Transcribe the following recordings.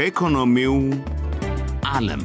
ከኢኮኖሚው ዓለም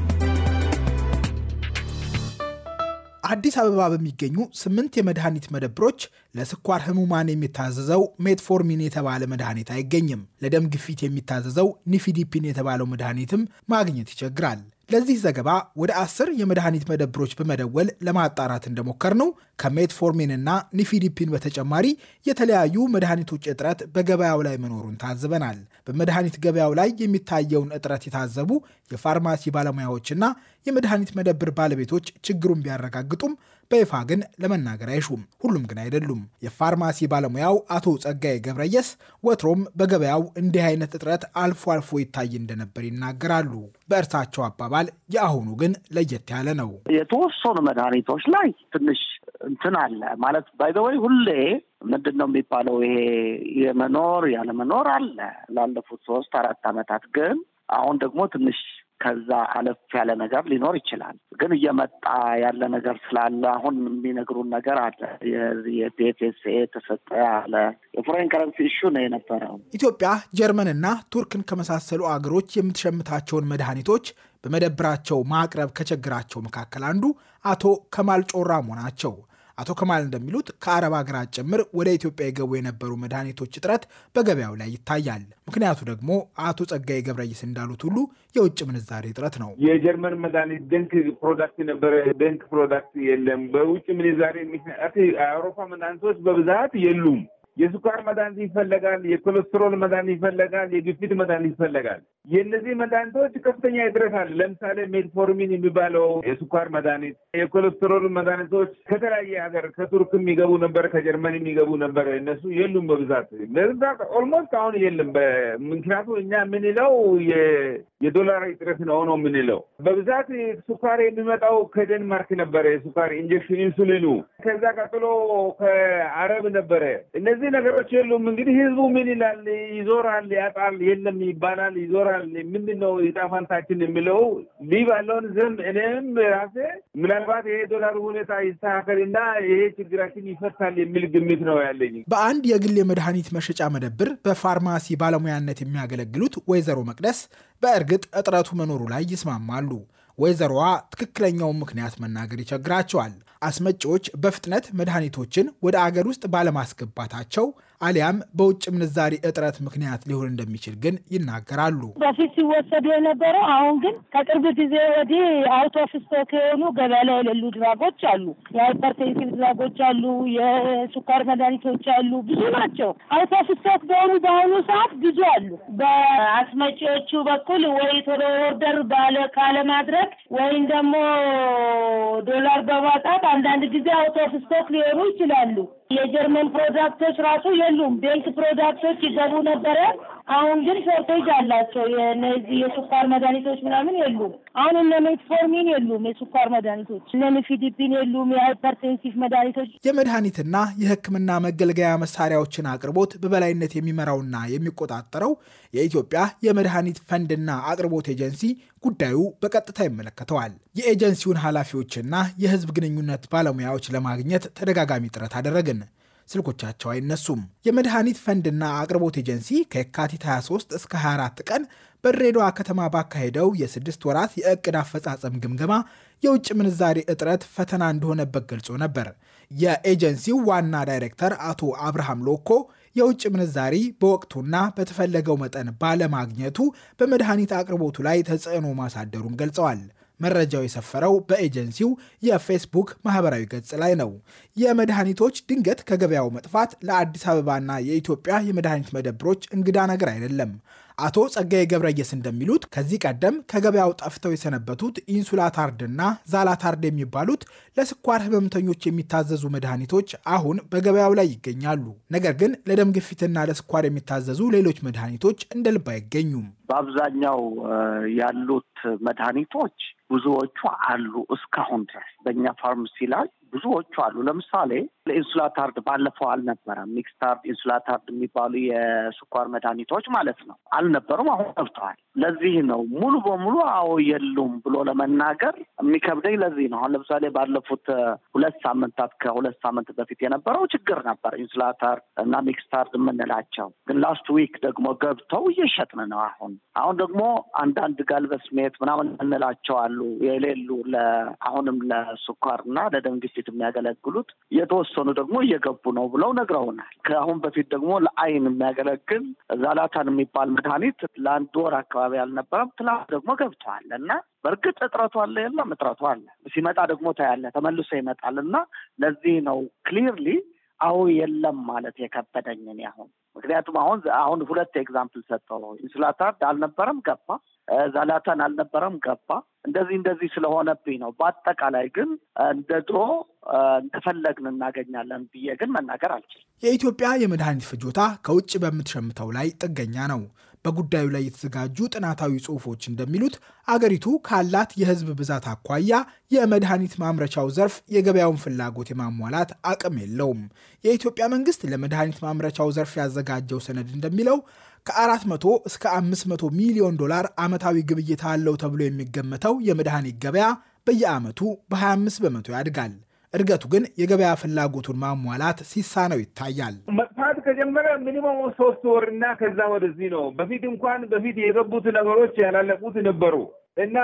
አዲስ አበባ በሚገኙ ስምንት የመድኃኒት መደብሮች ለስኳር ህሙማን የሚታዘዘው ሜትፎርሚን የተባለ መድኃኒት አይገኝም። ለደም ግፊት የሚታዘዘው ኒፊዲፒን የተባለው መድኃኒትም ማግኘት ይቸግራል። ለዚህ ዘገባ ወደ አስር የመድኃኒት መደብሮች በመደወል ለማጣራት እንደሞከር ነው ከሜትፎርሚንና ኒፊዲፒን በተጨማሪ የተለያዩ መድኃኒቶች እጥረት በገበያው ላይ መኖሩን ታዝበናል። በመድኃኒት ገበያው ላይ የሚታየውን እጥረት የታዘቡ የፋርማሲ ባለሙያዎችና የመድኃኒት መደብር ባለቤቶች ችግሩን ቢያረጋግጡም በይፋ ግን ለመናገር አይሹም። ሁሉም ግን አይደሉም። የፋርማሲ ባለሙያው አቶ ጸጋዬ ገብረየስ ወትሮም በገበያው እንዲህ አይነት እጥረት አልፎ አልፎ ይታይ እንደነበር ይናገራሉ። በእርሳቸው አባባል የአሁኑ ግን ለየት ያለ ነው። የተወሰኑ መድኃኒቶች ላይ ትንሽ እንትን አለ ማለት ባይዘወይ ሁሌ ምንድን ነው የሚባለው ይሄ የመኖር ያለመኖር አለ ላለፉት ሶስት አራት ዓመታት ግን አሁን ደግሞ ትንሽ ከዛ አለፍ ያለ ነገር ሊኖር ይችላል። ግን እየመጣ ያለ ነገር ስላለ አሁን የሚነግሩን ነገር አለ። የፒኤፍኤስኤ ተሰጠ ያለ የፎሬን ከረንሲ ኢሹ ነው የነበረው። ኢትዮጵያ ጀርመንና ቱርክን ከመሳሰሉ አገሮች የምትሸምታቸውን መድኃኒቶች በመደብራቸው ማቅረብ ከችግራቸው መካከል አንዱ አቶ ከማል ጮራ ናቸው። አቶ ከማል እንደሚሉት ከአረብ ሀገራት ጭምር ወደ ኢትዮጵያ የገቡ የነበሩ መድኃኒቶች እጥረት በገበያው ላይ ይታያል። ምክንያቱ ደግሞ አቶ ጸጋዬ ገብረይስ እንዳሉት ሁሉ የውጭ ምንዛሬ እጥረት ነው። የጀርመን መድኃኒት ደንክ ፕሮዳክት ነበረ። ደንክ ፕሮዳክት የለም። በውጭ ምንዛሬ ምክንያት አውሮፓ መድኃኒቶች በብዛት የሉም። የስኳር መድኃኒት ይፈለጋል፣ የኮሌስትሮል መድኃኒት ይፈለጋል፣ የግፊት መድኃኒት ይፈለጋል። የእነዚህ መድኃኒቶች ከፍተኛ እጥረት አለ። ለምሳሌ ሜትፎርሚን የሚባለው የስኳር መድኃኒት፣ የኮሌስትሮል መድኃኒቶች ከተለያየ ሀገር ከቱርክ የሚገቡ ነበር፣ ከጀርመን የሚገቡ ነበር። እነሱ የሉም በብዛት በብዛት ኦልሞስት አሁን የለም። ምክንያቱ እኛ የምንለው የዶላር እጥረት ነው ነው የምንለው። በብዛት ስኳር የሚመጣው ከደንማርክ ነበረ፣ የስኳር ኢንጀክሽን ኢንሱሊኑ። ከዛ ቀጥሎ ከአረብ ነበረ እነዚህ እነዚህ ነገሮች የሉም። እንግዲህ ህዝቡ ምን ይላል? ይዞራል፣ ያጣል፣ የለም ይባላል፣ ይዞራል። ምንድን ነው የጣፋንታችን የሚለው ሊ ባለውን ዝም እኔም ራሴ ምናልባት ይሄ ዶላሩ ሁኔታ ይስተካከል እና ይሄ ችግራችን ይፈታል የሚል ግምት ነው ያለኝ። በአንድ የግል የመድኃኒት መሸጫ መደብር በፋርማሲ ባለሙያነት የሚያገለግሉት ወይዘሮ መቅደስ በእርግጥ እጥረቱ መኖሩ ላይ ይስማማሉ። ወይዘሮዋ ትክክለኛውን ምክንያት መናገር ይቸግራቸዋል። አስመጪዎች በፍጥነት መድኃኒቶችን ወደ አገር ውስጥ ባለማስገባታቸው አሊያም በውጭ ምንዛሪ እጥረት ምክንያት ሊሆን እንደሚችል ግን ይናገራሉ። በፊት ሲወሰዱ የነበረው አሁን ግን ከቅርብ ጊዜ ወዲህ አውት ኦፍ ስቶክ የሆኑ ገበያ ላይ የሌሉ ድራጎች አሉ። የሃይፐርቴንሲቭ ድራጎች አሉ፣ የስኳር መድኃኒቶች አሉ፣ ብዙ ናቸው። አውት ኦፍ ስቶክ በሆኑ በአሁኑ ሰዓት ብዙ አሉ። በአስመጪዎቹ በኩል ወይ ቶሎ ኦርደር ባለ ካለማድረግ ወይም ደግሞ ዶላር በማጣት አንዳንድ ጊዜ አውት ኦፍ ስቶክ ሊሆኑ ይችላሉ። የጀርመን ፕሮዳክቶች ራሱ የሉም። ቤልት ፕሮዳክቶች ይገቡ ነበረ። አሁን ግን ሾርቴጅ አላቸው። የነዚህ የስኳር መድኃኒቶች ምናምን የሉም። አሁን እነ ሜትፎርሚን የሉም፣ የስኳር መድኃኒቶች እነ ኒፊዲፒን የሉም፣ የሃይፐርቴንሲቭ መድኃኒቶች። የመድኃኒትና የሕክምና መገልገያ መሳሪያዎችን አቅርቦት በበላይነት የሚመራውና የሚቆጣጠረው የኢትዮጵያ የመድኃኒት ፈንድና አቅርቦት ኤጀንሲ ጉዳዩ በቀጥታ ይመለከተዋል። የኤጀንሲውን ኃላፊዎችና የህዝብ ግንኙነት ባለሙያዎች ለማግኘት ተደጋጋሚ ጥረት አደረግን። ስልኮቻቸው አይነሱም። የመድኃኒት ፈንድና አቅርቦት ኤጀንሲ ከየካቲት 23 እስከ 24 ቀን በድሬዳዋ ከተማ ባካሄደው የስድስት ወራት የእቅድ አፈጻጸም ግምገማ የውጭ ምንዛሬ እጥረት ፈተና እንደሆነበት ገልጾ ነበር። የኤጀንሲው ዋና ዳይሬክተር አቶ አብርሃም ሎኮ የውጭ ምንዛሪ በወቅቱና በተፈለገው መጠን ባለማግኘቱ በመድኃኒት አቅርቦቱ ላይ ተጽዕኖ ማሳደሩን ገልጸዋል። መረጃው የሰፈረው በኤጀንሲው የፌስቡክ ማህበራዊ ገጽ ላይ ነው። የመድኃኒቶች ድንገት ከገበያው መጥፋት ለአዲስ አበባና የኢትዮጵያ የመድኃኒት መደብሮች እንግዳ ነገር አይደለም። አቶ ጸጋዬ ገብረየስ እንደሚሉት ከዚህ ቀደም ከገበያው ጠፍተው የሰነበቱት ኢንሱላታርድና ዛላታርድ የሚባሉት ለስኳር ህመምተኞች የሚታዘዙ መድኃኒቶች አሁን በገበያው ላይ ይገኛሉ። ነገር ግን ለደም ግፊትና ለስኳር የሚታዘዙ ሌሎች መድኃኒቶች እንደ ልብ አይገኙም። በአብዛኛው ያሉት መድኃኒቶች ብዙዎቹ አሉ። እስካሁን ድረስ በእኛ ፋርማሲ ላይ ብዙዎቹ አሉ። ለምሳሌ ኢንሱላታርድ ባለፈው አልነበረም። ሚክስታርድ ኢንሱላታርድ የሚባሉ የስኳር መድኃኒቶች ማለት ነው አልነበሩም። አሁን ገብተዋል። ለዚህ ነው ሙሉ በሙሉ አዎ የሉም ብሎ ለመናገር የሚከብደኝ። ለዚህ ነው አሁን ለምሳሌ ባለፉት ሁለት ሳምንታት ከሁለት ሳምንት በፊት የነበረው ችግር ነበር ኢንሱላ እና ሚክስታርድ የምንላቸው ግን ላስት ዊክ ደግሞ ገብተው እየሸጥን ነው። አሁን አሁን ደግሞ አንዳንድ ጋልበስሜት ምናምን የምንላቸው አሉ የሌሉ አሁንም ለስኳርና ለደም ግፊት የሚያገለግሉት የተወሰ የተወሰኑ ደግሞ እየገቡ ነው ብለው ነግረውናል። ከአሁን በፊት ደግሞ ለአይን የሚያገለግል ዛላታን የሚባል መድኃኒት ለአንድ ወር አካባቢ አልነበረም። ትላ ደግሞ ገብተዋል እና በእርግጥ እጥረቱ አለ የለም፣ እጥረቱ አለ። ሲመጣ ደግሞ ታያለ፣ ተመልሶ ይመጣል እና ለዚህ ነው ክሊርሊ አሁ የለም ማለት የከበደኝን ያሁን ምክንያቱም አሁን አሁን ሁለት ኤግዛምፕል ሰጠው። ኢንሱላታን አልነበረም ገባ፣ ዛላታን አልነበረም ገባ። እንደዚህ እንደዚህ ስለሆነብኝ ነው። በአጠቃላይ ግን እንደ ድሮ ከፈለግን እናገኛለን ብዬ ግን መናገር አልችልም። የኢትዮጵያ የመድኃኒት ፍጆታ ከውጭ በምትሸምተው ላይ ጥገኛ ነው። በጉዳዩ ላይ የተዘጋጁ ጥናታዊ ጽሑፎች እንደሚሉት አገሪቱ ካላት የሕዝብ ብዛት አኳያ የመድኃኒት ማምረቻው ዘርፍ የገበያውን ፍላጎት የማሟላት አቅም የለውም። የኢትዮጵያ መንግስት ለመድኃኒት ማምረቻው ዘርፍ ያዘጋጀው ሰነድ እንደሚለው ከ400 እስከ 500 ሚሊዮን ዶላር ዓመታዊ ግብይታ አለው ተብሎ የሚገመተው የመድኃኒት ገበያ በየዓመቱ በ25 በመቶ ያድጋል። እድገቱ ግን የገበያ ፍላጎቱን ማሟላት ሲሳነው ይታያል። መጥፋት ከጀመረ ሚኒመም ሶስት ወርና ከዛ ወደዚህ ነው። በፊት እንኳን በፊት የገቡት ነገሮች ያላለቁት ነበሩ እና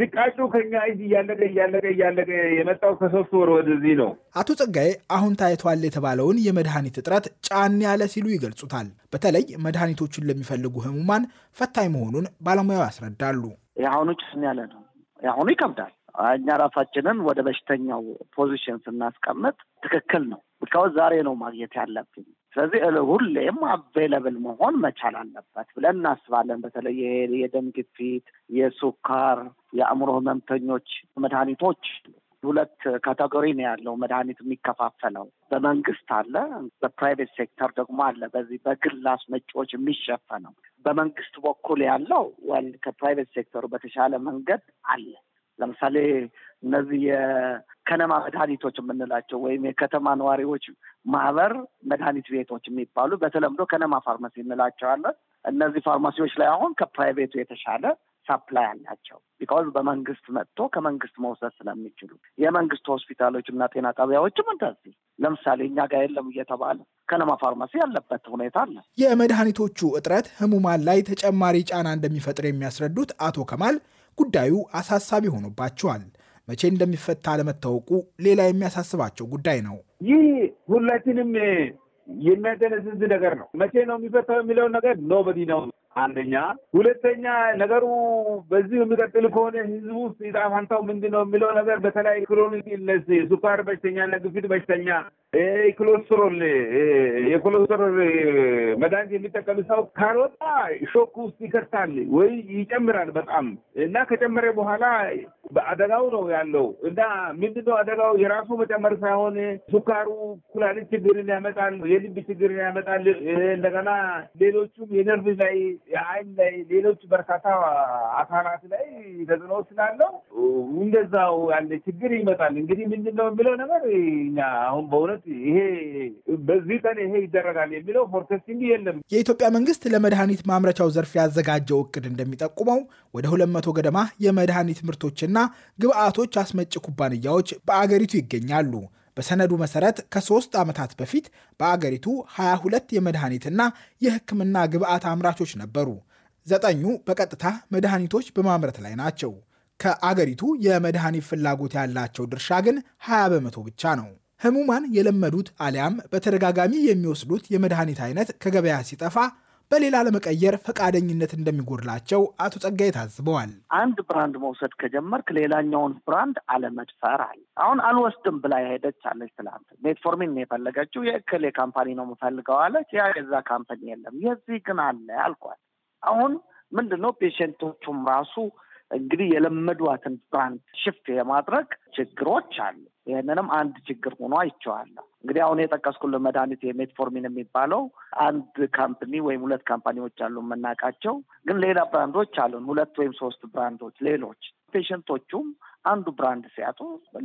ዝቃጩ ከኛ እጅ እያለቀ እያለቀ እያለቀ የመጣው ከሶስት ወር ወደዚህ ነው። አቶ ጸጋዬ አሁን ታይቷል የተባለውን የመድኃኒት እጥረት ጫን ያለ ሲሉ ይገልጹታል። በተለይ መድኃኒቶቹን ለሚፈልጉ ህሙማን ፈታኝ መሆኑን ባለሙያው ያስረዳሉ። የአሁኑ ጫን ያለ ነው። የአሁኑ ይከብዳል። እኛ ራሳችንን ወደ በሽተኛው ፖዚሽን ስናስቀምጥ ትክክል ነው። ቢካውዝ ዛሬ ነው ማግኘት ያለብኝ። ስለዚህ ሁሌም አቬለብል መሆን መቻል አለበት ብለን እናስባለን። በተለይ የደም ግፊት፣ የሱካር፣ የአእምሮ ህመምተኞች መድኃኒቶች ሁለት ካቴጎሪ ነው ያለው መድኃኒት የሚከፋፈለው በመንግስት አለ፣ በፕራይቬት ሴክተር ደግሞ አለ። በዚህ በግል አስመጪዎች የሚሸፈነው በመንግስት በኩል ያለው ወል ከፕራይቬት ሴክተሩ በተሻለ መንገድ አለ። ለምሳሌ እነዚህ የከነማ መድኃኒቶች የምንላቸው ወይም የከተማ ነዋሪዎች ማህበር መድኃኒት ቤቶች የሚባሉ በተለምዶ ከነማ ፋርማሲ እንላቸዋለን። እነዚህ ፋርማሲዎች ላይ አሁን ከፕራይቬቱ የተሻለ ሳፕላይ አላቸው። ቢካውዝ በመንግስት መጥቶ ከመንግስት መውሰድ ስለሚችሉ የመንግስት ሆስፒታሎች እና ጤና ጣቢያዎችም እንደዚህ ለምሳሌ እኛ ጋር የለም እየተባለ ከነማ ፋርማሲ ያለበት ሁኔታ አለ። የመድኃኒቶቹ እጥረት ህሙማን ላይ ተጨማሪ ጫና እንደሚፈጥር የሚያስረዱት አቶ ከማል ጉዳዩ አሳሳቢ ሆኖባቸዋል። መቼ እንደሚፈታ አለመታወቁ ሌላ የሚያሳስባቸው ጉዳይ ነው። ይህ ሁላችንም የሚያደነዝዝ ነገር ነው። መቼ ነው የሚፈታው የሚለውን ነገር ኖበዲ ነው አንደኛ። ሁለተኛ ነገሩ በዚህ የሚቀጥል ከሆነ ህዝቡ ውስጥ ዕጣ ፈንታው ምንድን ነው የሚለው ነገር በተለይ ክሮኒክ ኢልነስ፣ ስኳር በሽተኛ እና ግፊት በሽተኛ፣ ኮሌስትሮል የኮሌስትሮል መድኃኒት የሚጠቀም ሰው ካልወጣ ሾክ ውስጥ ይከታል ወይ ይጨምራል በጣም እና ከጨመረ በኋላ በአደጋው ነው ያለው እና ምንድነው አደጋው የራሱ መጨመር ሳይሆን ሱካሩ ኩላሊት ችግርን ያመጣል፣ የልብ ችግርን ያመጣል። እንደገና ሌሎቹም የነርቭ ላይ፣ የአይን ላይ፣ ሌሎች በርካታ አካላት ላይ ተጽዕኖ ስላለው እንደዛው ያለ ችግር ይመጣል። እንግዲህ ምንድነው የሚለው ነገር እኛ አሁን በእውነት ይሄ በዚህ ቀን ይሄ ይደረጋል የሚለው ፎርካስቲንግ የለም። የኢትዮጵያ መንግስት ለመድኃኒት ማምረቻው ዘርፍ ያዘጋጀው እቅድ እንደሚጠቁመው ወደ ሁለት መቶ ገደማ የመድኃኒት ምርቶችና ምርቶችና ግብአቶች አስመጭ ኩባንያዎች በአገሪቱ ይገኛሉ። በሰነዱ መሰረት ከሶስት ዓመታት በፊት በአገሪቱ 22 የመድኃኒትና የሕክምና ግብአት አምራቾች ነበሩ። ዘጠኙ በቀጥታ መድኃኒቶች በማምረት ላይ ናቸው። ከአገሪቱ የመድኃኒት ፍላጎት ያላቸው ድርሻ ግን 20 በመቶ ብቻ ነው። ህሙማን የለመዱት አሊያም በተደጋጋሚ የሚወስዱት የመድኃኒት አይነት ከገበያ ሲጠፋ በሌላ ለመቀየር ፈቃደኝነት እንደሚጎድላቸው አቶ ጸጋይ ታዝበዋል። አንድ ብራንድ መውሰድ ከጀመርክ ሌላኛውን ብራንድ አለመድፈር አለ። አሁን አልወስድም ብላ የሄደች አለች። ትላንት ሜትፎርሚን የፈለገችው የእክል የካምፓኒ ነው የምፈልገው አለች። ያ የዛ ካምፓኒ የለም የዚህ ግን አለ አልኳል። አሁን ምንድን ነው ፔሽንቶቹም ራሱ እንግዲህ የለመዷትን ብራንድ ሽፍ የማድረግ ችግሮች አሉ። ይህንንም አንድ ችግር ሆኖ አይቼዋለሁ። እንግዲህ አሁን የጠቀስኩልን መድኃኒት የሜትፎርሚን የሚባለው አንድ ካምፕኒ ወይም ሁለት ካምፓኒዎች አሉ የምናውቃቸው፣ ግን ሌላ ብራንዶች አሉን ሁለት ወይም ሶስት ብራንዶች ሌሎች ፔሽንቶቹም አንዱ ብራንድ ሲያጡ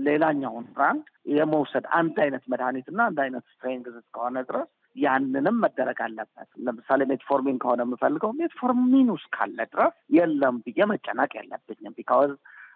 ሌላኛውን ብራንድ የመውሰድ አንድ አይነት መድኃኒትና አንድ አይነት ስትሬንግዝ እስከሆነ ድረስ ያንንም መደረግ አለበት። ለምሳሌ ሜትፎርሚን ከሆነ የምፈልገው ሜትፎርሚን ውስጥ ካለ ድረስ የለም ብዬ መጨናቅ የለብኝም። ቢካወዝ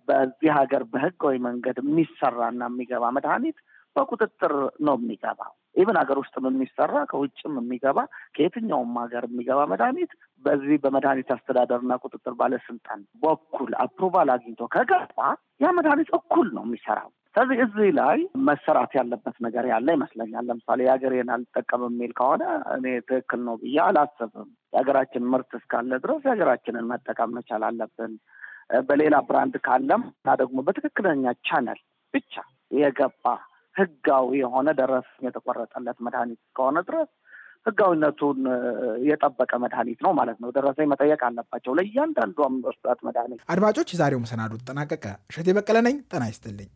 በዚህ ሀገር በህጋዊ መንገድ የሚሰራና የሚገባ መድኃኒት በቁጥጥር ነው የሚገባው። ኢቨን ሀገር ውስጥም የሚሰራ ከውጭም የሚገባ ከየትኛውም ሀገር የሚገባ መድኃኒት በዚህ በመድኃኒት አስተዳደርና ቁጥጥር ባለስልጣን በኩል አፕሩቫል አግኝቶ ከገባ ያ መድኃኒት እኩል ነው የሚሰራው። ስለዚህ እዚህ ላይ መሰራት ያለበት ነገር ያለ ይመስለኛል። ለምሳሌ የሀገሬን አልጠቀም የሚል ከሆነ እኔ ትክክል ነው ብዬ አላስብም። የሀገራችን ምርት እስካለ ድረስ የሀገራችንን መጠቀም መቻል አለብን። በሌላ ብራንድ ካለም እና ደግሞ በትክክለኛ ቻነል ብቻ የገባ ህጋዊ የሆነ ደረስ የተቆረጠለት መድኃኒት እስከሆነ ድረስ ህጋዊነቱን የጠበቀ መድኃኒት ነው ማለት ነው። ደረሰኝ መጠየቅ አለባቸው ለእያንዳንዱ አምስት መድኃኒት። አድማጮች፣ የዛሬው መሰናዶ ተጠናቀቀ። እሸቴ በቀለ ነኝ። ጤና ይስጥልኝ።